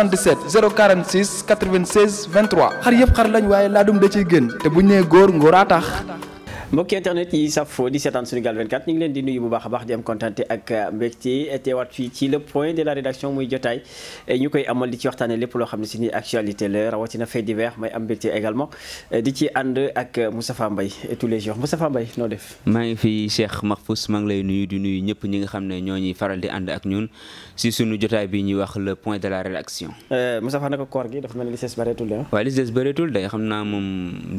77 046 96 23 xar yëpp xar lañ waaye laa dum da ciy gën te bu ñu nee góor ngóoraa tax mbokki internet yi safo di seetaan Sunugal 24 ñu ngi leen di nuyu bu baax a baax di am kontante ak euh, mbégte teewaat fii ci le point de la rédaction muy jotaay euh, ñu koy amal di ci waxtaane lépp loo xam ne si ni actualité la rawatina fait divers may am mbégte également euh, di ci ànd ak Moustapha Mbaye tous les jours Moustapha Mbaye noo def maa ngi fi Cheikh Mahfous maa ngi lay nuyu di nuyu ñëpp ñi nga xam ne ñoo ñuy faral di ànd ak ñun si sunu jotaay bi ñuy wax le point de la rédaction Moustapha naka koor gi dafa mel ni li des bëreetul de waaw li moom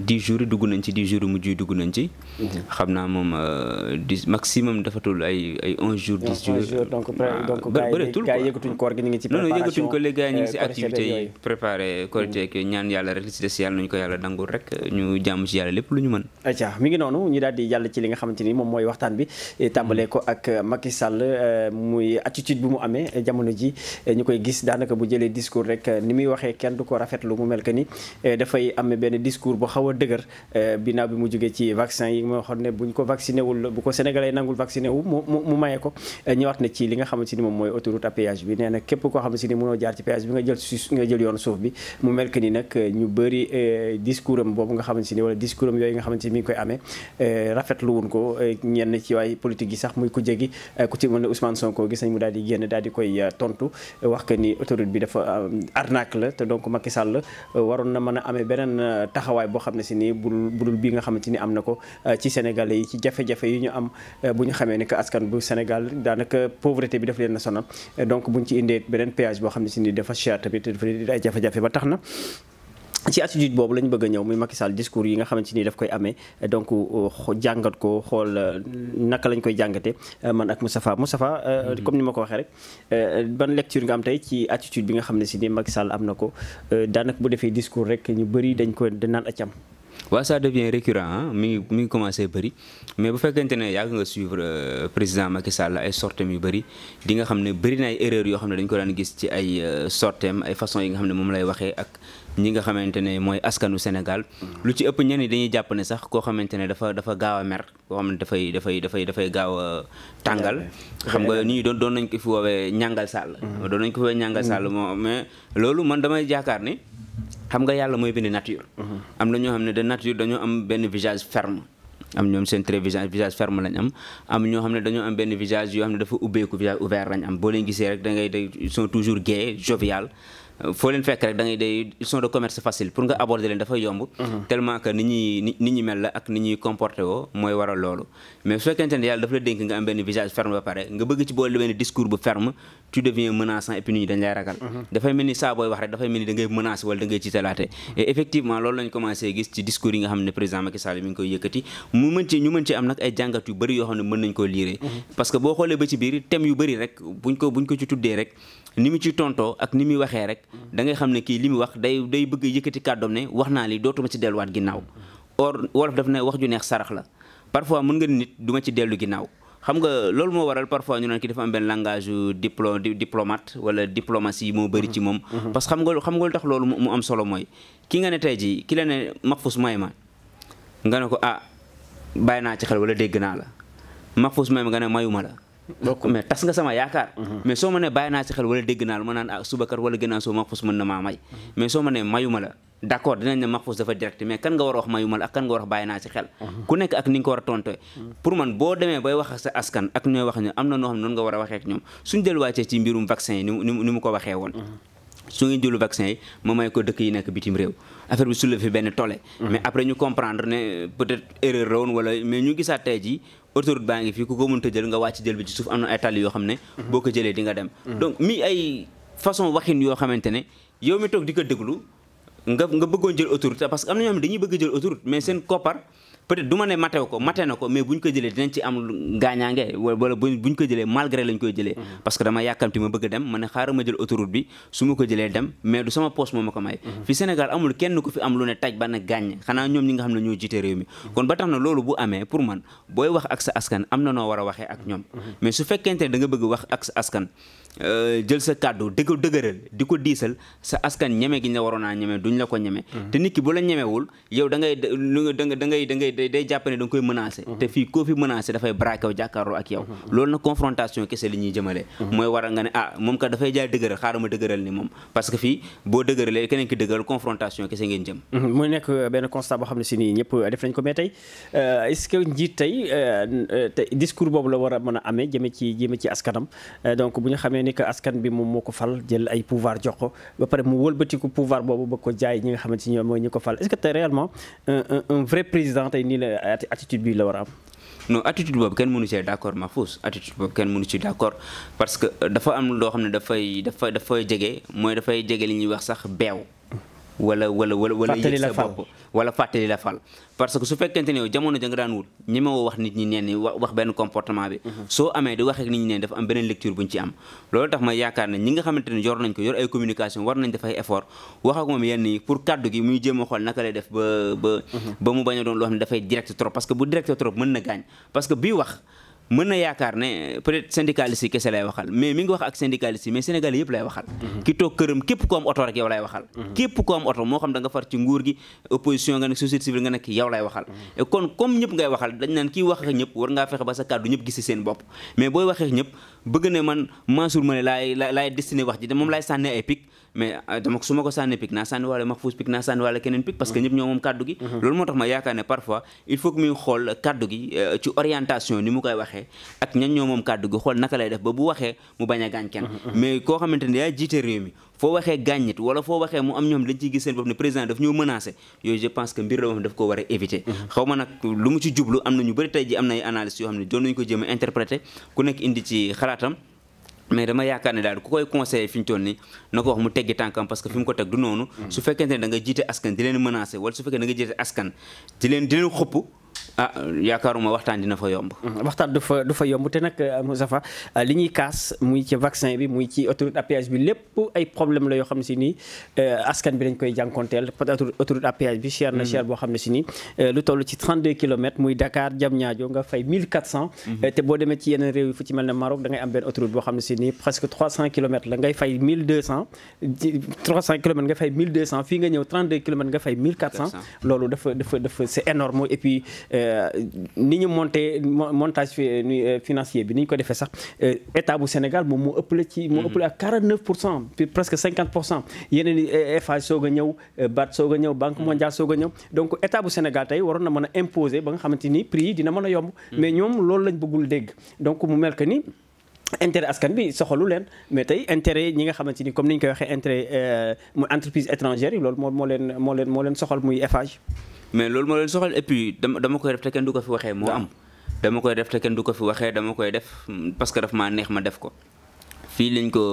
10 dugg nañ ci 10 jours mujj dugg nañ ci Mm-hmm. xam naa moom euh, dix maximum dafatul ay ay un jour dix jours donc ah, bëreetul quoi yëgatuñ koor gi ñu ngi ci non non yëgatuñ euh, préparé korité ak ñaan yàlla rek li si des yàlla nañu ko yàlla dangul rek ñu jàmm ci yàlla lépp lu ñu mën aca mi ngi noonu ñu daal di jàll ci li nga xamante ni moom mooy waxtaan bi mm-hmm. tàmbalee ko ak Macky Sall euh, muy attitude bu mu amee jamono ji ñu koy gis daanaka bu jëlee discours rek ni muy waxee kenn du ko rafetlu mu mel que ni dafay amee benn discours bu xaw a dëgër yi moo xam ne buñ ko vacciné wul bu ko sénégalais nangul vacciné mu maye ko euh, ñëwaat na ci li nga xamante ni moom mooy autoroute à péage bi nee na képp koo xamante ni mënoo jaar ci péage bi nga jël ko euh, ñenn ci waay euh, mu daal génn daal koy tontu wax que ni autoroute bi dafa arnaque la te donc Macky Sall waroon na mën a amee beneen taxawaay boo xam ne si ni budul bi nga xamante ni am na ko Euh, ci Sénégalais yi ci jafe-jafe yi ñu am euh, bu ñu xamee ne que askan bu Sénégal daanaka pauvreté bi daf leen na sonal donc buñ ci indee beneen péage boo xam ne si ni dafa cher tamit dafa ay jafe ba tax na. ci attitude boobu la ñu bëgg a ñëw muy Macky Sall discours yi nga xamante ni daf koy amee donc euh, jàngat ko xool naka lañ koy jàngate man ak Moustapha Moustapha mm-hmm. comme ni ma ko waxee rek ban lecture nga am tey ci attitude bi nga xam ne si ni Macky Sall am na ko daanaka bu defee discours rek ñu bëri dañ koy dañ naan accam waaw ça devient récurrent mi ngi mi ngi mais bu fekkente ne yàgg nga suivre euh, président Macky Sall ay sortem yu bëri di nga xam ne bari na ay yoo xam ne dañ ko daan gis ci ay euh, sortem ay façon yi nga xam ne moom lay waxee ak ñi nga xamante ne mooy askanu Sénégal lu ci ëpp ñenn ñi dañuy jàpp ne sax koo xamante ne dafa dafa gaaw a mer koo xam ne dafay dafay dafay dafay gaaw a tàngal xam nga ñii doon doon nañ ko fi woowee ñàngal sàll mm-hmm. doon nañ ko fi woowee ñàngal sàll mm-hmm. moo loolu man damay jaakaar ni xam nga yàlla mooy bind nature. Mm-hmm. am na ñoo xam ne de nature dañoo am benn visage ferme. am ñoom seen très visage ferme lañ am am ñoo xam ne dañoo am benn visage yoo xam ne dafa ubbeeku visage ouvert lañ am boo leen gisee rek da ngay ils sont toujours gais jovial foo leen fekk rek da ngay day ils commerce facile pour nga aborder leen dafay yomb mhm. tellement que ni ñuy mel la ak ni ñuy comporté woo mooy waral loolu mais su fekkente ne yàlla mhm. dafay mel ni saa wax rek dafay mel ni da ngay menacer wala da ngay mhm. effectivement loolu lañ commencé gis ci discours yi nga xam ne président Macky Sall mi ngi koy yëkkati mu mën ci am nag ay jàngat yu bëri yoo xam ne mën nañ koo liiree parce que boo xoolee ba ni mu ci tontoo ak ni muy waxee rek da ngay xam ne kii li mu wax day day bëgg yëkkati kàddoom ne wax naa li dootuma ci delluwaat ginnaaw or wolof daf ne wax ju neex sarax la parfois mën nga nit duma ci dellu ginnaaw xam nga loolu moo waral parfois ñu naan ki dafa am benn langage diplo diplomate wala diplomatie yi moo bari ci moom mm-hmm. Mm-hmm. parce que xam nga xam nga lu tax loolu mu am solo mooy ki nga ne tey jii ki la ne Mahfouss may ma nga ne ko ah bàyyi naa ci xel wala dégg naa la Mahfouss nga ne mayuma la donc mais tas nga sama yaakaar mhm. mais soo ma ne bàyyi naa si xel wala dégg naa la ma naan ah subakat wala gënnaa soo Mahfouss mën na maa may mhm. mais soo ma ne mayuma la d' accord dinañ ne Mahfouss dafa direct mais kan nga war a wax mayuma la ak kan nga war a wax bàyyi naa si xel mhm. ku nekk ak ni ko war a tontoo pour man boo demee bay wax ak sa askan ak ñooy wax ñoom am na noo xam ne noonu nga war a waxee ñoom suñ delluwaatee ci mbirum vaccin yi ni ni mu ko waxee woon yi nekk bitim réew affaire bi soulevé fi benn tollé. Mm-hmm. mais après ñu comprendre ne peut-être erreur la mais ñu gisaat tey jii autoroute baa ngi fii ku ko mënta jël nga wàcc jël bi ci suuf am na ay tali yoo xam ne. Mm-hmm. boo ko jëlee di dem. Mm-hmm. donc mi ay façon waxin yoo xamante ne yow mi toog di ko déglu nga nga bëggoon jël autoroute parce que am na ñoo xam ne dañuy bëgg jël autoroute mais seen koppar. peut-être du ma ne matew ko mate na ko mais bu ñu ko jëlee dinañ am gaañaange wala bu ñu ko jëlee malgré lañ koy jëlee mhm. parce que dama yàkkamti ma bëgg a dem ma ne xaaral ma jël autoroute bi su ma ko jëlee dem mais du sama poste moo ma may mhm. fi Sénégal amul kenn ku fi am lu ne taj ba na gaañ xanaa ñoom ñi nga xam ne ñoo jiite réew mi mhm. kon ba tax na loolu bu amee pour man booy wax ak sa askan am na noo war a waxee ak ñoom mais su fekkente ne da nga bëgg wax euh, a day day jàpp ne da nga koy menacé mhm. te fii koo fi menacé dafay braqué wu ak yow mhm. loolu nag confrontation kese li ñuy jëmale mhm. mooy waral nga ne ah moom kat dafay jaay dëgëral xaaral ma dëgëral ni moom parce que fii boo dëgëralee keneen ki dëgëral confrontation kese ngeen jëm mu nekk euh, benn constat xam ne si nii ñëpp euh, def nañ ko mais euh, tey discours boobu la war a mën a amee jëme ci askanam donc bu ñu xamee ni askan bi moom moo ko fal jël ay pouvoir nii la attitude bi la war a am. non attitude boobu kenn mënu ci d' accord Mahfouz attitude boobu kenn mënu ci d' accord parce que dafa am loo xam ne dafay dafa dafay jege mooy dafay jege li ñuy wax sax beew. wala wala wala wala yëg sa bopp wala fàttali la fal parce que su fekkente ne jamono ja nga daan wut ñi wax nit ñi neen wax benn comportement bi mhm. soo amee di wax nit ñi neen dafa am beneen lecture buñ ci am loolu tax ma yaakaar ne ñi nga xamante ne yor nañ ko yor ay communication war nañ def effort wax ak yenn yi pour kaddu gi muy jéem a xool naka lay def ba ba mhm. ba mu bañ a doon loo xam ne dafay direct trop parce que bu direct trop mën na gaañ parce mën na yaakaar ne peut-être kese lay waxal mais mi ngi wax ak syndicaliste mais Sénégal yëpp lay waxal mhm. ki toog këram képp ko am oto rek yow lay waxal mhm. képp ko am oto moo xam da far ci nguur gi opposition nga nekk société lay waxal mhm. kon comme ñëpp ngay waxal dañ naan kii wax ak war ngaa fexe ba sa kàddu ñëpp gis seen bopp mais booy waxee ñëpp bëgg ne man Mansour Mané laay destiné wax ji moom laay sànne ay pic mais euh, dama su ma ko sànnee pik naa sànni waale Mahfouz pik naa sànni waale keneen pik parce que ñëpp ñoo moom kaddu gi mhm. loolu moo tax ma yaakaar ne parfois il faut que muy xool kaddu gi euh, ci orientation ni mu koy waxee ak ñan ñoo moom kaddu gi xool naka lay def ba bu waxee mu bañ a gaañ kenn mhm, mhm. mais koo xamante ne yaa jiite réew mi foo waxee gàññit wala foo waxee mu am ñoom lañ ciy gis seen bopp ne président daf ñoo menacé yooyu je pense que mbir la ko war a éviter xaw am na ñu bëri tey ji am nay analyse yoo xam ne doon ko jéem a ku nekk indi ci xalaatam mais dama yaakaar ne daal ku koy conseillé fi ñu toll nii na wax mu teggi tànkam parce que fi ko teg du noonu mm-hmm. su fekkente ne da nga jiite askan di leen menacé wala su fekkee da jiite askan di leen di leen xëpp ah yaakaaruma waxtaan dina fa yomb. Mm, waxtaan du fa du fa yomb te nag euh, Moustapha euh, li ñuy kaas muy ci vaccin bi muy ci autoroute à bi lépp ay problème la yoo xam ne si nii euh, askan bi dañ koy jànkonteel peut-être autoroute à péage bi cher na mm. cher boo xam ne si nii lu toll ci 32 kilomètres muy Dakar Diamniadio nga fay mm-hmm. te boo demee ci yeneen réew yi fu ci mel ne Maroc da am benn autoroute boo xam ne si nii presque 300 kilomètres la ngay fay 1200 et Euh, ni ñu monté montage euh, financier bi ni ñu ko defee sax euh, état bu Sénégal moom ëpp la ci moo ëppale ak 49 pour cent presque 50 pour cent yeneen i FA soog a ñëw BAD soog a ñëw Banque mm. mondiale soog a ñëw donc état bu Sénégal tey waroon na mën a imposer ba nga xamante ni prix yi dina mën a yomb mm. mais ñoom loolu lañ bëggul dégg donc mu mel que ni intérêt askan bi soxalu leen mais tey intérêt ñi nga xamante ni comme ni ñu koy waxee intérêt mu entreprise étrangère yi loolu moo moo leen moo leen moo leen soxal muy Eiffage mais loolu moo leen soxal et puis dama dama koy def te kenn du ko fi waxee moo am dama koy def te kenn du ko fi waxee dama koy def parce que daf neex ma def ko fii lañ ko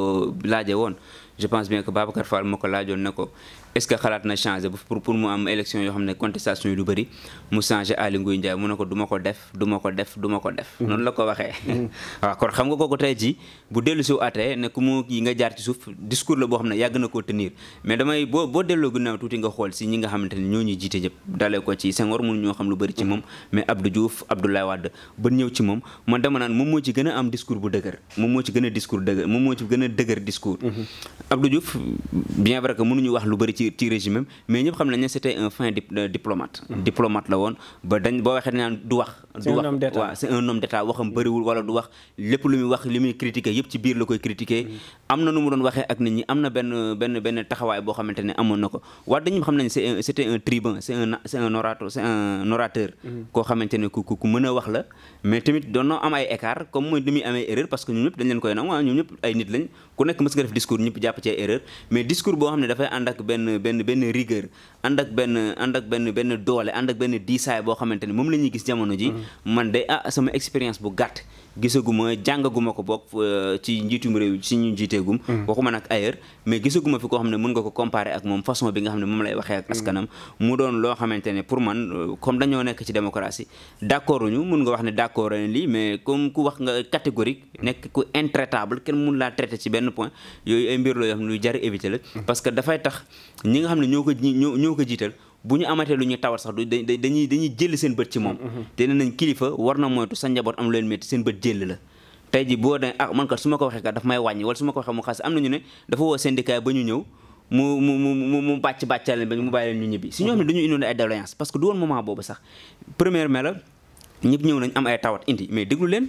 laaje woon je pense bien que Babacar Fall moo ko laajoon ne ko est-ce que xalaat na changer pour pour mu am élection yoo xam ne contestation yi lu bëri mu changer Aly Ngouille Ndiaye mu ne ko du ma ko def du ko def du ko def mm-hmm. noonu la ko waxee mm-hmm. waaw kon xam nga kooku tey ji bu dellu si atee ne ku mu yi nga jaar ci suuf discours la boo xam ne yàgg na koo tenir mais damay boo boo delloo ginnaaw tuuti nga xool si ñi nga xamante ne ñoo ñuy jiite ñëpp dalee ko ci Senghor mënu ñoo xam lu bëri ci moom mm-hmm. mais Abdou Diouf Abdoulaye moo ci gën a bu dëgër moom moo ci gën a discours dëgër a ci ci mais ñëpp xam ne c'était un fin euh, diplomate mm-hmm. diplomate la woon ba dañ boo waxee naan du du wax du wax lépp lu mm-hmm. am na nu mu doon waxee ak nit ñi am na benn benn taxawaay boo xamante ne amoon na ko waaye dañu xam nañ c'est c'était un tribun c'est un c'est un orateur c'est un mm-hmm. koo xamante ne ku ku mën a wax la mais tamit doon na am ay écart comme mooy li amee erreur parce que ñun ñëpp dañ leen mais discours boo xam ne dafay ànd ak benn benn benn benn rigueur ànd ak benn ànd ak benn benn doole ànd benn diisaay boo xamante ne moom la ñuy gis jamono ji mm. man de ah sama expérience bu gàtt gisaguma jàngaguma ko bokk euh, ci njiitum réew ci ñu njiiteegum mm. waxuma nag ailleurs mais gisaguma fi koo xam ne mën nga ko comparer ak moom façon bi nga xam ne moom lay waxee ak mm. askanam mu doon loo xamante ne pour man euh, comme dañoo nekk ci démocratie d'accord ñu mun nga wax ne d'accord lii mais comme ku wax nga catégorique nekk ku intraitable kenn mun laa traité ci benn point yooyu ay mbir la yoo xam lu jar éviter la mm. parce que dafay tax ñi nga xam ne ñoo ko ñoo ko jiital bu ñu amatee lu ñuy tawat sax du dañuy dañuy jël seen bët ci moom mm-hmm. Mm-hmm. te nee nañ kilifa war na moytu sa njaboot am leen métti seen bët jël la tey ji boo dee ah man kat su ma ko waxee kat daf may wàññi wala su ma ko waxee mu xas am nañu ne dafa woo syndicat ba ñu ñëw mu mu mu mu bàcc bàccal leen mu bàyyi leen ñu ñibbi si ñoo xam ne mm-hmm. dañu indoon ay doléance parce que du woon moment boobu sax première mai la ñëw nañ am ay tawat indi mais déglu leen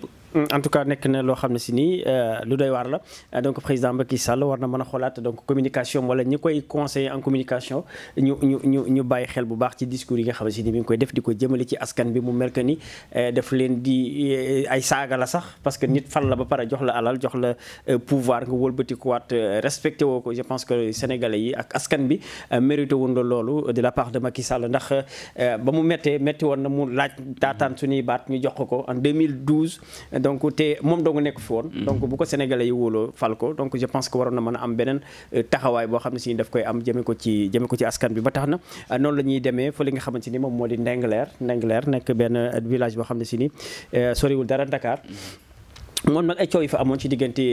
ñëpp. en tout cas nekk na loo xam ne si nii euh, lu doy waar la euh, donc président Macky Sall war na mën a xoolaat donc communication wala ñi koy conseiller en communication ñu ñu ñu ñu bàyyi xel bu baax ci discours yi nga xam ne si nii mi ngi koy def di ko jëmale ci askan bi mu mel que ni euh, leen di ay saaga la sax parce que nit fal la ba pare jox la alal jox la pouvoir nga wëlbatikuwaat respecté woo ko je pense que sénégalais yi ak askan bi mérité woon na loolu de la part de Macky Sall ndax ba mu méttee métti woon na laaj taataan suñuy baat ñu jox ko en donc te moom dong nekk fi woon mm-hmm. donc bu ko sénégalais yi wóoloo fal ko donc je pense que waroon na mën a am beneen euh, taxawaay boo xam ne si daf koy am jëme ko ci jëme ko ci askan bi ba tax na euh, noonu la ñuy demee fa li nga xamante ni moom moo di Ndengler Ndengler nekk benn euh, village boo xam ne si ni soriwul dara ndakaar mm-hmm. moom nag ay coow yi fa amoon ci diggante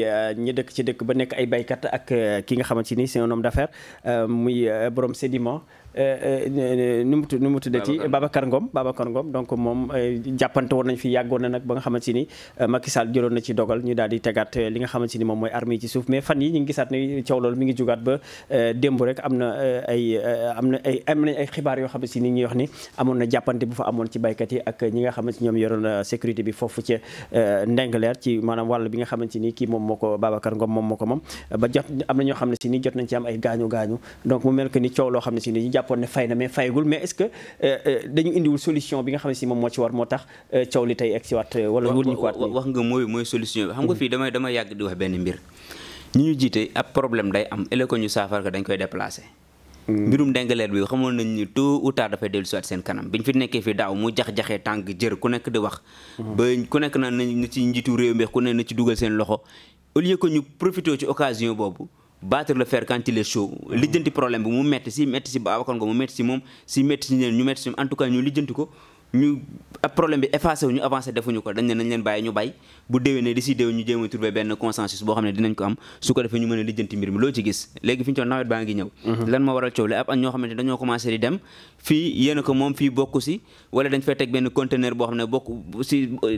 ñu dëkk ci dëkk ba nekk ay baykat ak ki nga xamante ni c'est un homme d'affaires muy borom sédiment Euh, euh, nu mu nu mu tuddati Babacar Ngom Babacar Ngom donc moom euh, jàppante woon nañ fi yàggoon na nag ba nga xamante ni Macky Sall jëloon na ci dogal ñu daal di tegaat li nga xamante ni moom mooy armée yi ci suuf mais fan yi ñu ngi gisaat ne coow loolu mi rek am na ay am na ay am nañ ay xibaar yoo xamante ni ñuy wax ni amoon na jàppante bu fa amoon ci baykat yi ak ñi nga xamante ñoom yoroon sécurité bi foofu ci Ndengleer ci maanaam wàll bi nga xamante ni kii moom moo ko Babacar Ngom moom moo ko moom ba jot am na ñoo xam ne si ni jot nañ ci am ay gaañu gaañu donc mu mel que ni coow loo xam ne si ni kon ne fay na mais fayagul mais est euh, euh, dañu indiwul solution bi nga xam ne si moom moo ci war moo tax euh, coow li tey egg si waat wala wur ñu ko waat wax nga mooy mooy solution bi xam nga mhm. fii damay damay yàgg di wax benn mbir ñi ñu jiite ab problème day am ëllëg ko ñu saafara ko dañ koy déplacé mhm. mbirum dengaleer bi xamoon nañ ni tôt ou tard dafay dellu si seen kanam bi ñu fi nekkee fi daaw mu jax jaxe tànk jër ku nekk di wax mhm. ba ku nekk na na ci njiitu réew mi ku ne na ci dugal seen loxo que ñu profité ci occasion boobu battre le fer quand il est chaud lijjanti problème bi mu metti si metti si Babacar Ngom mu metti si moom si metti si ñeneen ñu metti si en tout ñu lijjanti ko ñu ab problème bi effacé ñu avancé defuñu ko dañ ne nañ leen bàyyi ñu bay bu déwénee d'ici déwén ñu jéem a benn consensus boo xam ne dinañ ko am su ko defee ñu mën a lijjanti mbir mi loo ci gis léegi fi ñu toon baa ngi ñëw mhm. lan moo waral coow li ab ñoo xamante dañoo commencé di dem fii yéen ko moom fii bokku si wala dañ fay teg benn conteneur boo xam ne bokk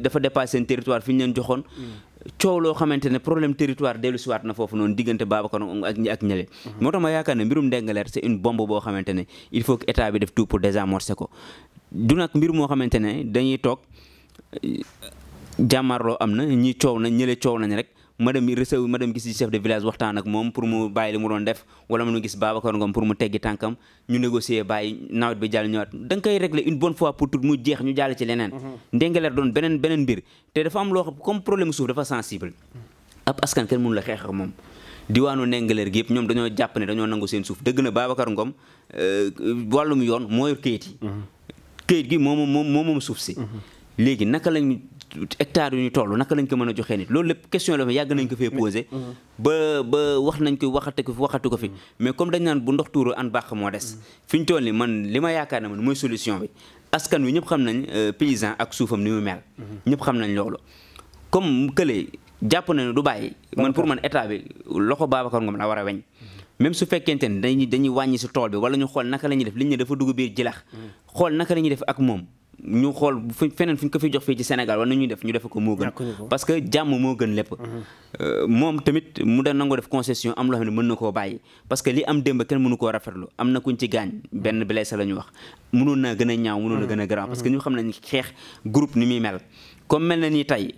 dafa dépassé seen territoire ñu leen joxoon mhm. coow loo xamante ne problème territoire na foofu noonu diggante Babacar ak ak ñële mhm. moo boo xamante ne il faut du nag mbir moo xamante ne dañuy toog jàmmarloo am na ñi coow na ñële coow nañ rek madame yi réseau madame gis ci chef de village waxtaan ak moom pour mu bàyyi li mu doon def wala mu gis Babacar Ngom pour mu teggi tànkam ñu négocier bàyyi nawet bi jàll ñëwaat da koy régler une bonne fois pour tout mu jeex ñu jàll ci leneen. Mm-hmm. ndengaleer doon beneen beneen mbir te dafa am loo xam comme problème suuf dafa sensible ab askan kenn mënu la xeex ak moom. diwaanu Ndingler gi yëpp ñoom dañoo jàpp ne dañoo nangu seen suuf dëgg na Babacar Ngom euh, wàllum yoon moo yor kayit yi mm-hmm. këyit gi moom moom moom moom suuf si. Mhm. léegi naka lañ hectare yu ñu toll naka lañ ko mën a joxee nit loolu lépp question la yàgg nañ ko fee posé. Mhm. ba ba wax nañ ko waxate ko waxatu ko fi mhm. mais comme dañ naan bu ndox tuuru an baax moo des. fi ñu toll nii man li ma yaakaar ne man mooy solution bi askan wi ñëpp xam nañ euh, paysan ak suufam ni mu mel. ñëpp xam nañ loolu comme kële jàpp na du bàyyi. man pour man état bi loxo Babacar Ngom la war a weñ. même su fekkente ne dañuy dañuy wàññi si tool bi wala ñu xool naka lañuy def li ñu ne dafa dugg biir jilax mm. xool naka la ñuy def ak moom ñu xool fu feneen fu ñu ko fi jox fii ci Sénégal wala ñuy def ñu def ko moo gën parce que jàmm moo gën lépp mm-hmm. euh, moom tamit mu da nangoo def concession am loo xam ne mën na koo bàyyi parce que li am démb kenn mënu koo rafetlu am na kuñ ci gaañ benn blessé la ñu wax mënoon naa gën a ñaaw mënoon na gën a grand mm-hmm. parce que ñu xam nañ xeex groupe ni muy mel comme mel na ni tey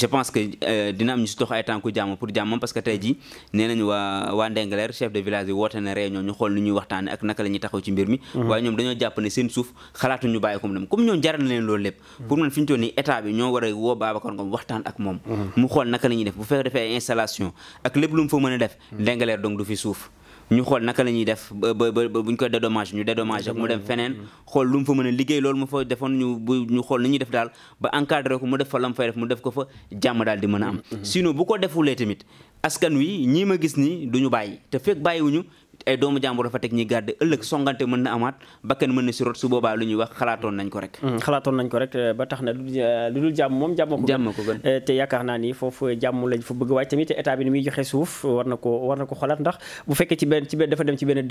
je pense que euh, dina am ñu si dox ay tànku jàmm pour jàmm parce que tey jii nee nañu waa waa Ndengler chef de village bi woote na réunion ñu xool nu ñuy waxtaane ak naka la ñuy taxaw ci mbir mi mhm. waaye ñoom dañoo jàpp ne seen suuf xalaatu ñu bàyyi ko mu dem comme ñoom jaral na leen loolu lépp mhm. pour man fi ñu toll nii ñoo war a woo Babacar Ngom waxtaan ak moom mhm. mu xool naka la ñuy def bu fekk defee installation ak lépp lu mu fa mën a def Ndengler suuf ñu xool naka la ñuy def ba ba buñ ko dédommage ñu dédommage mu dem feneen xool lu mu fa mën a liggéey loolu mu fa defoon ñu bu ñu xool ni ñuy def daal ba encadré ko mu def fa lam fay def mu def ko fa jàmm daal di man a am mm-hmm. sinon bu ko defulee tamit askan wi ñii ma gis nii du ñu bàyyi te fekk bàyyiwuñu ay doomu jàmbur dafa teg ñi garde ëllëg songante mën na amaat bakkan mën na si rot su boobaa lu ñuy wax xalaatoon nañ ko rek mm, xalaatoon nañ ko rek eh, ba tax na eh, lu dul jàmm moom jàmm ko gën eh, te yaakaar naa ni foofu jàmm lañ fa bëgg waaye tamit état bi ni muy joxe suuf war na ko war na ko xolaat ndax bu fekkee ci benn ci benn dafa dem ci benn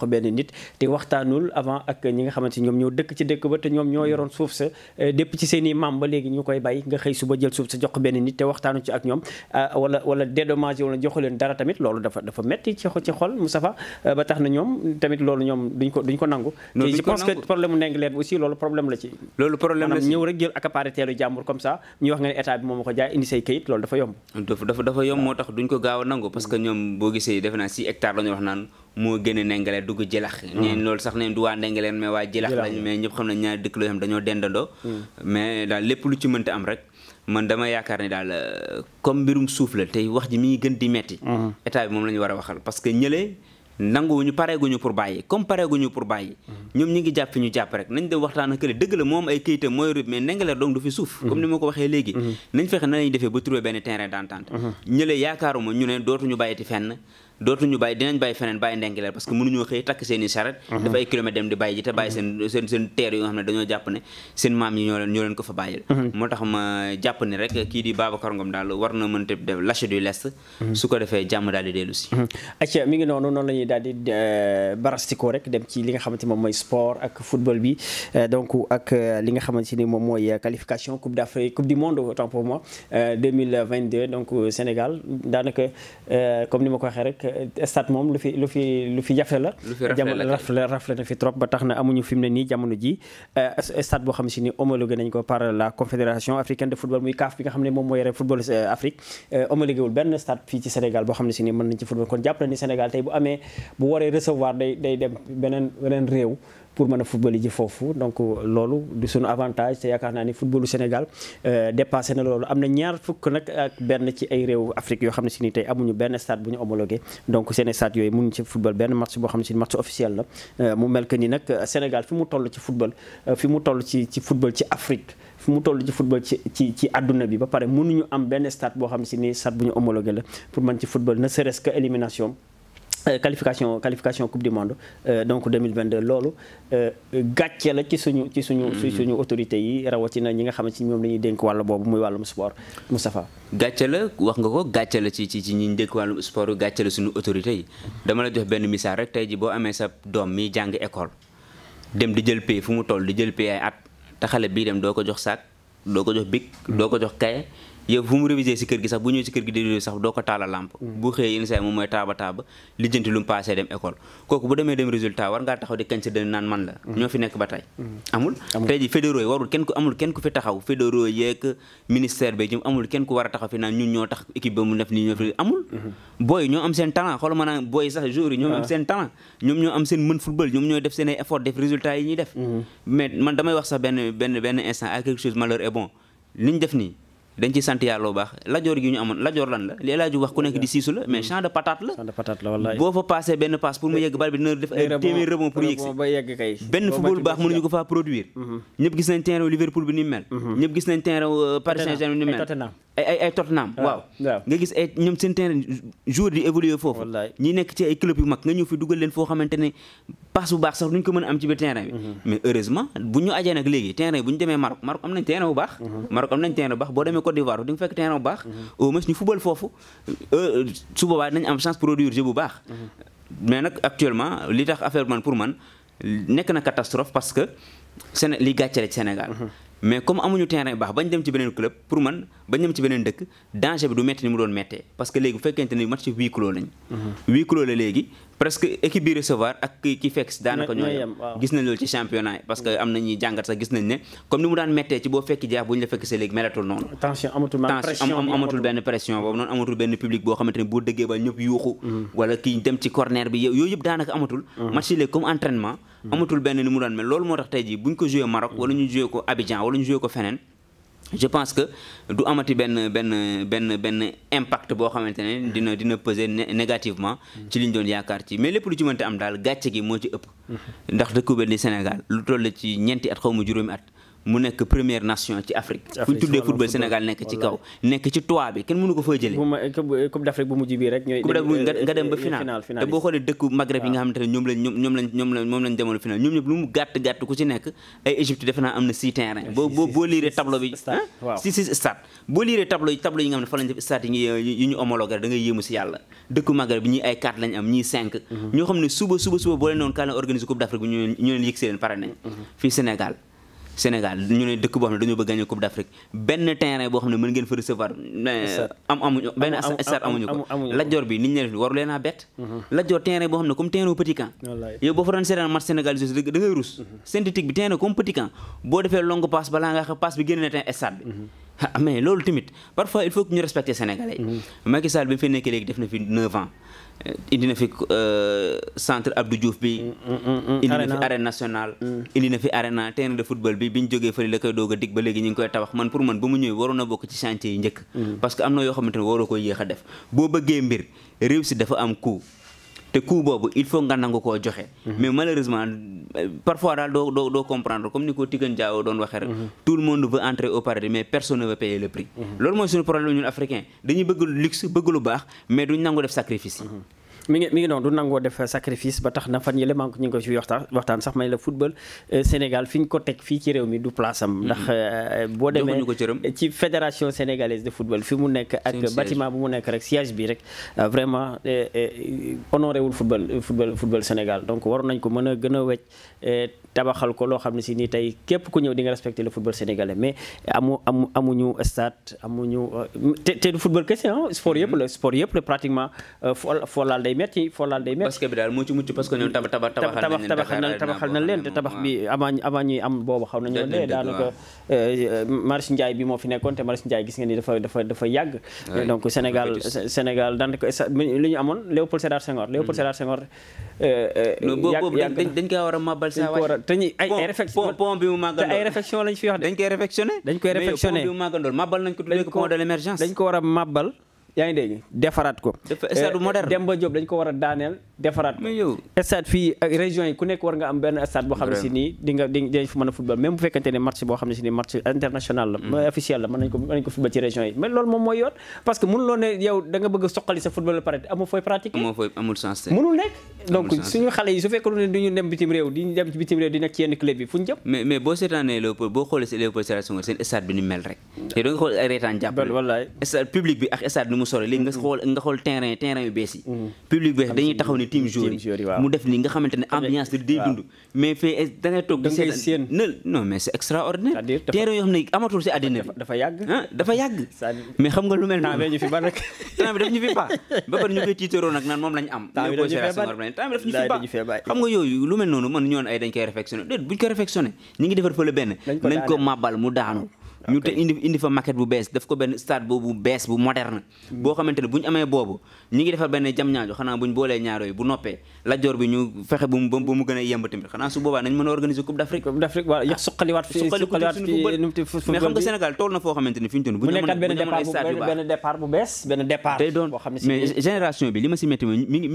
ko benn nit te waxtaanul avant nga xamante ñoom ñoo dëkk ci dëkk ba te ñoom ñoo yoroon suuf sa dépp ci seen bay nga xëy suba jël suuf sa jox ko benn nit te waxtaanu ci ak ñoom ah, wala wala dédommagé wala dara tamit loolu dafa dafa metti ci ci xol Moustapha euh, ba tax na ñoom tamit loolu ñoom duñ ko nangu te que problème neng leen bi moom ko jaay indi say kayit loolu dafa yomb dafa dafa yomb moo tax duñ ko gaaw a nangu parce que ñoom boo gisee defe naa si hectare la wax naan moo gën a nengale dugg jëlax hmm. ñeen loolu sax neen du waa nengaleen mais waa jëlax lañ mais ñëpp xam ne ñaari dëkk loo xam dañoo dendandoo hmm. mais daal lépp lu ci mënta am rek man dama yaakaar ne daal euh, comme mbirum suuf la tey wax ji mi ngi gën di metti mm-hmm. état bi moom la ñu war a waxal parce que ñële nanguwuñu pareeguñu pour bàyyi comme pareeguñu pour bàyyi mm-hmm. ñoom ñu ngi jàpp ñu jàpp rek nañ dem waxtaan ak kële dëgg la moom ay kayitam mooy rub mais nengaleer doom du fi suuf mm-hmm. comme ni ma ko waxee léegi nañ fexe na lañu defee ba trouver benn terrain d'entente ñële yaakaaruma ñu ne dootuñu bàyyiti fenn dootuñu bàyyi dinañ bàyyi feneen bàyyi ndengeler parce que mënuñoo xëy takk seen i charrette mhm. dafa dem di bàyyi ji te bàyyi seen teer yu nga xam ne dañoo jàpp ne seen maam ci li nga xamante moom mooy sport ak football bi eh, donc ak eh, li nga xamante ni moom mooy qualification coupe d'Afrique coupe du monde autant pour moi 2022 eh, donc euh, Sénégal daanaka comme ni ma ko waxee rek stade moom lu fi lu fi lu fi jafe la jamono rafle rafle na fi trop ba tax na amuñu fi mu ne nii jamono ji euh, stade boo xam si ni homologué nañ ko par la confédération africaine de football muy CAF bi nga xam ne moom moo yore football euh, Afrique euh, homologué wul benn stade fii ci Sénégal boo xam ne si ni mën nañ ci football kon jàpp na ni Sénégal tey bu amee bu waree recevoir day day dem beneen beneen réew pour mën a football ji foofu donc loolu du suñu avantage te yaakaar naa ni footballu Sénégal euh, dépassé na loolu am na ñaar fukk nag ak benn ci ay réew Afrique yoo xam ne si ni tey amuñu benn stade bu ñu homologué donc seen stade yooyu mënuñ ci football benn match boo xam ne si match officiel la euh, mu mel que ni nag euh, Sénégal fi mu toll ci football fi mu toll ci ci football ci Afrique fi mu toll ci football ci ci ci àdduna bi ba pare mënuñu am benn stade boo xam ne si ni stade bu ñu homologué la pour mën ci football ne serait-ce Euh, qualification qualification coupe du monde euh, donc 2022 loolu euh, gàcce la ci suñu ci suñu ci mm-hmm. suñu autorité yi rawatina ñi nga xamante ne ñoom la ñuy dénk wàll boobu muy wàllum sport Moustapha gàcce la wax nga ko gàcce la ci ci ci ñi dénk wàllum sport gàcce la suñu autorité yi dama la jox benn misaal rek tey ji boo amee sa doom miy jàng école dem di jël pay fu mu toll di jël pay ay at te xale bii dem doo ko jox sac doo ko jox bic doo ko jox kaye yow fu mu révisé si kër gi sax bu ñëw si kër gi di révisé sax doo ko taala lamp mm. bu xëyee yenn saa yi moom mooy taaba taaba lijjanti mm. mm. kenn ku amul kenn ku fi taxaw fédéraux kenn ku war a taxaw fi naan ñun ñoo tax équipe ba mu def mm-hmm. ma naan booy sax jour yi ah. seen talent ñoom ñoo am seen mën football ñoom ñooy def seen ay effort def résultat yi ñuy def mm-hmm. mais man damay wax sax benn benn benn instant à ah, quelque chose malheur est bon li def nii dañ ci sant yàlla baax lajoor gi ñu amoon lajoor lan la li laaju wax ku nekk di siisu la mais champ de la boo fa passé benn passe pour mu yegg bal bi dina def ay téeméer rebond pour yegg si benn football baax mënuñu nekk ci ay club yu mag nga ñëw fi dugal leen foo xamante ne passe bu baax sax duñ ko mën a am ci biir terrain bi mhm. mais heureusement bu ñu ajee nag léegi terrain bu ñu demee Maroc Maroc am nañ terrain bu baax mhm. Maroc am nañ terrain bu baax boo demee Côte d'Ivoire di nga fekk terrain bu baax mhm. au moins ñu fubal foofu euh, su boobaa dinañ am chance produire jeu bu baax mais nag actuellement li tax affaire man pour man nekk na catastrophe parce que Séné li gàccele ci Sénégal mais comme amuñu terrain baax bañ dem ci beneen club pour man bañ dem ci beneen dëkk danger bi du metti ni mu doon mettee parce que léegi bu ni match huis clos presque équipe bi recevoir ak ki fekk si daanaka ñoo gis nañ loolu ci championnat yi parce que am na jàngat sax gis nañ ne comme ni mu daan méttee ci boo fekki jaax bu ñu la fekk see léegi melatul noonu tension amatul benn pression boobu noonu amatul benn public boo xamante ne boo dëggee ba ñëpp yuuxu mhm. wala kii dem ci corner bi yooyu yëpp daanaka amatul mhm. match yi léegi comme entraînement mhm. amatul benn ni mu daan mel loolu moo tax tey buñ ko joué je pense que du amati benn benn benn benn impact boo xamante ne dina dina peser négativement ci liñ doon yaakaar ci mais lépp lu ci mën mënta am daal gàcce gi moo ci ëpp mhm. ndax dëkku benn Sénégal lu toll ci ñeenti at xaw ma juróomi at mu nekk première nation ci Afrique. fu ñu tuddee football Sénégal nekk ci kaw. nekk ci toit bi kenn mënu ko foo jëlee. bu ma coupe d'Afrique bu mujj bii rek. ñooy nga euh, te boo xoolee dëkku Maghreb yi nga xamante ne ñoom lañ ñoom lañ ñoom lañ moom lañ demoon final na six boo boo boo liiree tableau bi. si si stade boo liiree tableau yi fa lañ def euh, am ñii cinq mhm. ñoo xam ne suba suba suba boo leen noonu kaa d'Afrique bi ñu leen yëg si pare nañ mhm. fii Sénégal Sénégal ñu ne dëkk boo xam ne dañoo bëgg gagner Coupe d'Afrique benn terrain boo xam ne mën ngeen fa recevoir. am amuñu benn stade amuñu ko. Latjoor bi nit ñi def waru leen a bett. Mhm. Latjoor boo xam ne comme terrain petit camp. yow boo fa doon seetaan Sénégal da ngay rus. Mhm. synthétique bi terrain comme petit camp boo defee longue passe balaa nga xam passe bi génn na tey bi. Mhm. mais loolu tamit parfois il faut ñu respecter Sénégalais. Macky Sall bi mu fi nekkee léegi def na fi 9 ans. indi na fi euh, centre Abdou juuf bi. Mm, mm, mm, indi na fi arène nationale. indi na fi arena terrain de football bi bi ñu jógee fële la koy doog a dig ba léegi ñu ngi koy tabax man pour man ba mu ñëwee waroon na bokk ci chantier yi njëkk. parce que am na yoo xamante ne waroo koy yéex def boo bëggee mbir réussite dafa am coût. te coût boobu il faut nga nangu koo joxe. mais malheureusement euh, parfois daal doo doo doo comprendre comme ni ko Tigan Diao doon waxee rek. Mhm. tout le monde veut entrer au paradis mais personne ne veut payer prix. Mhm. loolu mooy suñu problème ñun africain dañuy bëgg luxe bëgg lu baax mais duñ nangu def sacrifice. Mhm. mi ngi mi ngi noonu du nangoo def sacrifice ba tax na fan yële maa ngi ñu ngi waxtaan waxtaan sax may la football euh, Sénégal fi ñu ko teg fii ci réew mi du place ndax mm-hmm. euh, boo demee ci fédération sénégalaise de football fi mu nekk ak bâtiment bu mu nekk rek siège bi rek euh, vraiment honoré wul football football football Sénégal donc waroon nañ ko mën a gën a wecc tabaxal ko loo xam ne si nii tey képp ku ñëw di nga respecté le football sénégalais mais amu amu ñu stade amu ñu te du football kese ah sport yëpp la sport yëpp la pratiquement foo foo métti folaal day métti parce que bi daal moo ci mucc parce que ñoom tabax tabax tabaxal na leen te tabax bi avant avant ñuy am boobu xaw nañoo dee daanaka euh, euh, Marius Ndiaye bi moo fi nekkoon te Marius Ndiaye gis nga ni dafa dafa yàgg donc Sénégal Sénégal daanaka amoon Léopold Sédar Senghor Léopold hmm. Sédar Senghor euh, dañ koy a ay réflexion pont fi wax dañ koy réflexionné dañ koy réflexionné pont bi mu màggandool mabal nañ ko tuddee ko pont de l'émergence dañ ko war a mabal yaa ngi dégg defaraat ko. dafa stade eh, Demba Diop dañ ko war a daaneel. defaraat stade fii région yi ku nekk war nga am benn stade boo xam ne si nii di nga di a football même bu fekkante ne match boo xam ne si nii match hmm. euh, da a soqali mais boo seetaanee Léopold boo xoolee si Léopold Sédar Senghor seen stade bi ni mel rek nga xool ay reetaan jàpp wallaay stade public bi ak stade ni mu sore léegi nga hmm. xool nga xool terrain terrain yu bees yi hmm. public bi dañuy taxaw ni team joueur yi mu def nii nga xamante ne ambiance day dund mais fee eh, da ngay toog mais c'est extraordinaire teere ne amatul yàgg ah dafa lu mel noonu temps bi daf ñu fi ba ba pare nag naan moom lañ am temps daf ñu fi ba xam nga yooyu lu mel noonu man ñoon ay dañ koy réfectionné déet buñ ko réfectionné ñi ngi defar fële benn nañ ko màbbal mu daanu ñu te indi indi fa maquette bu bees def ko benn stade boobu bees bu moderne hmm. boo xamante ne bu ñu amee boobu ñi defar benn jam ñaajo xanaa bu boolee ñaar bu noppee lajoor bi ñu fexe bu mu bu mu bu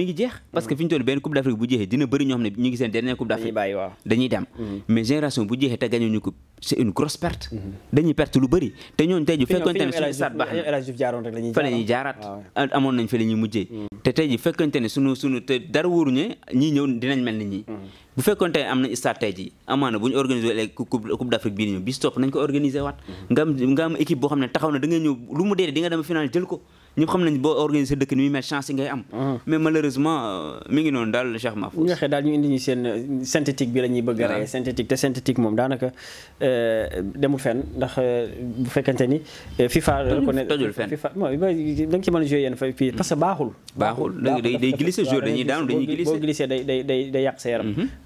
jeex hmm. parce que fi ñu benn coupe d'Afrique bu jeexee dina bëri ñoo ne ñu seen dernière coupe d'Afrique dañuy dem hmm. mais génération bu jeexee te gañu ñu c'est une grosse perte dañuy perte lu bëri te ñooñu tey ji fekkante ne suñu stade baax na fa la ñuy jaaraat amoon nañ fa la ñuy mujjee mm. te tey ji fekkante ne suñu suñu te dara wóoruñu ñii ñëw dinañ mel ni ñi mm. bu fekkoon tey am nañ stade tey ji amaana bu ñu organisé léegi coupe d' afrique bii nii bis topp nañ ko organisé waat nga am équipe boo xam ne taxaw na da nga ñëw lu mu dee di nga dem final jël ko ñëpp xam nañ boo organisé dëkk ni muy chance ngay am uh-huh. mais malheureusement euh, mi ngi noonu daal Cheikh Mahfouz bu ñaxee daal ñu indi ñu seen euh, synthétique bi la ñuy bëgg a rey synthétique te moom daanaka euh, demul fenn ndax bu fekkente ni FIFA reconnaît tojul fenn FIFA da nga ci mën a jouer yenn fa puis parce que baaxul baaxul day glissé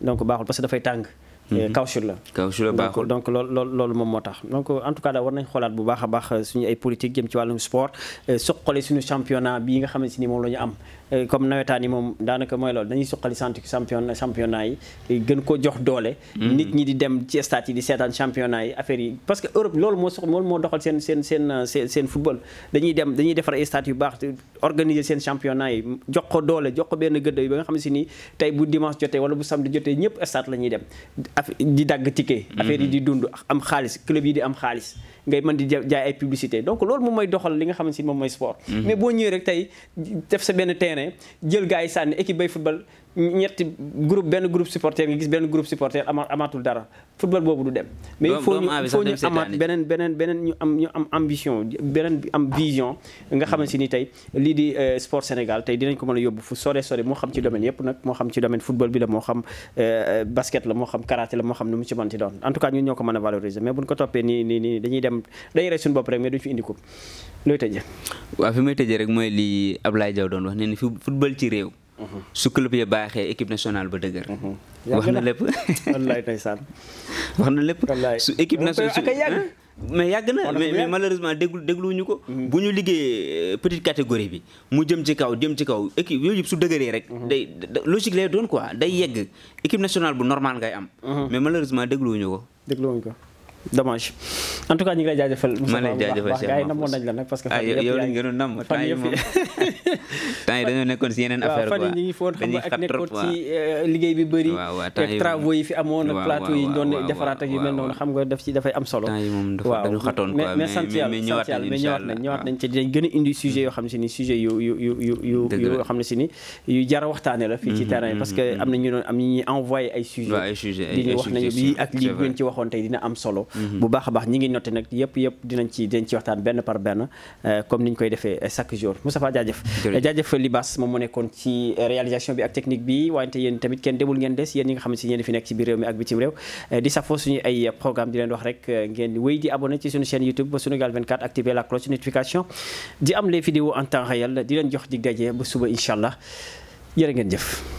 donc baaxul parce que dafay tàng. Mhm. caoutchouc la. caoutchouc la baaxul donc loolu loolu moom moo tax donc en tout war nañ xoolaat bu baax a baax euh, suñu ay politique jëm ci wàllum sport euh, suqali suñu championnat bii nga xamante ni moom la ñu am. Euh, comme nawetaan yi moom daanaka mooy loolu dañuy suqali sant champion championnat yi gën ko jox doole. Mm. nit ñi di dem ci stade yi di seetaan championnat yi affaire yi parce que Europe loolu moo sox loolu moo doxal seen seen seen seen seen football dañuy dem dañuy defar ay yu baax organiser seen championnat yi jox ko doole jox ko benn gëdd ba nga xam si ni tey bu dimanche jotee wala bu samedi jotee ñëpp stade la ñuy dem di dagg ticket. Mm-hmm. affaire yi di dund am xaalis club yi di am xaalis. ngay mën di jaay ay publicité donc loolu moom mooy doxal li nga xamante ni moom mooy sport mhm. mais boo ñëwee rek tey def sa benn terrain jël gars yi sànni équipe bay football ñetti groupe benn groupe supporter nga gis benn ni tey lii di euh, sport Sénégal tey dinañ ko mën a yóbbu fu sore sore moo xam ci domaine yëpp nag moo xam ci domaine football bi la moo xam euh, basket la moo xam karaté la moo xam nu mu ci mën ci doon en tout cas ñun ñoo ko mën a valoriser mais moom dañuy rey suñu bopp rek mais duñ fi indi ko looy tëjee. waaw fi may tëjee rek mooy li Ablaye Diaw doon wax ne ni football ci réew. Mhm. su club ya baaxee équipe nationale ba dëgër. Mhm. wax na lépp su équipe nationale mais yàgg na mais malheureusement déglu dégluwuñu ko mhm. bu ñu liggéeyee euh, petite catégorie bi mu jëm ci kaw jëm ci kaw équipe yooyu yëpp su dëgëree rek day logique lay doon quoi day yegg équipe nationale bu normal ngay am mais malheureusement dégluwuñu ko dégluwuñu ko dommage en tout cas ñu ngi lay jaajëfal. ma lay jaajëfal si gars yi namoon nañ la nag parce que. Ah, fan yëpp yow lañ gënoon nam temps yi moom temps yi dañoo nekkoon si yeneen affaire quoi fan yi ñu ngi foon xam nga ak nekkoon si euh, liggéey bi bëri. ak travaux yi fi amoon ak plateau yi ñu doon defaraat ak yu mel noonu xam nga daf ci dafay am solo. temps yi moom dafa dañu xatoon quoi mais sant yàlla mais ñëwaat nañ ñëwaat nañ ñëwaat ah. nañ te dinañ gën a indi sujet yoo xam ne si ni sujet yu yu yu yu yu yoo xam ne si ni yu jara waxtaane la fii ci mhm, terrain mhm, parce que mhm, am na ñu doon am ñu envoyé ay sujet di ñu wax nañu lii ak lii ngeen ci waxoon tey dina am solo bu baax a baax ñi ngi noté nag yëpp yëpp dinañ ci dinañ ci waxtaan benn par benn euh, comme ni ñu koy defee chaque jour Moustapha jaajëf jaajëf Libas moom mu nekkoon ci réalisation bi ak technique bi wante yéen tamit kenn demul ngeen des yéen ñi nga xam ne si yéen fi nekk ci biir réew mi ak bitim réew euh, di safoo suñu ay programme di leen wax rek euh, ngeen wéy di abonné ci suñu seen YouTube ba Sunugal 24 activer la cloche notification di am les vidéos en temps réel di leen jox dig daje ba suba incha ngeen jëf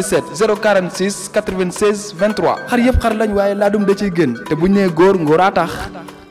77 046 96 23 xar yëpp xar lañ waaye laadum da ciy gën te bu ñu nee góor ngóoraa tax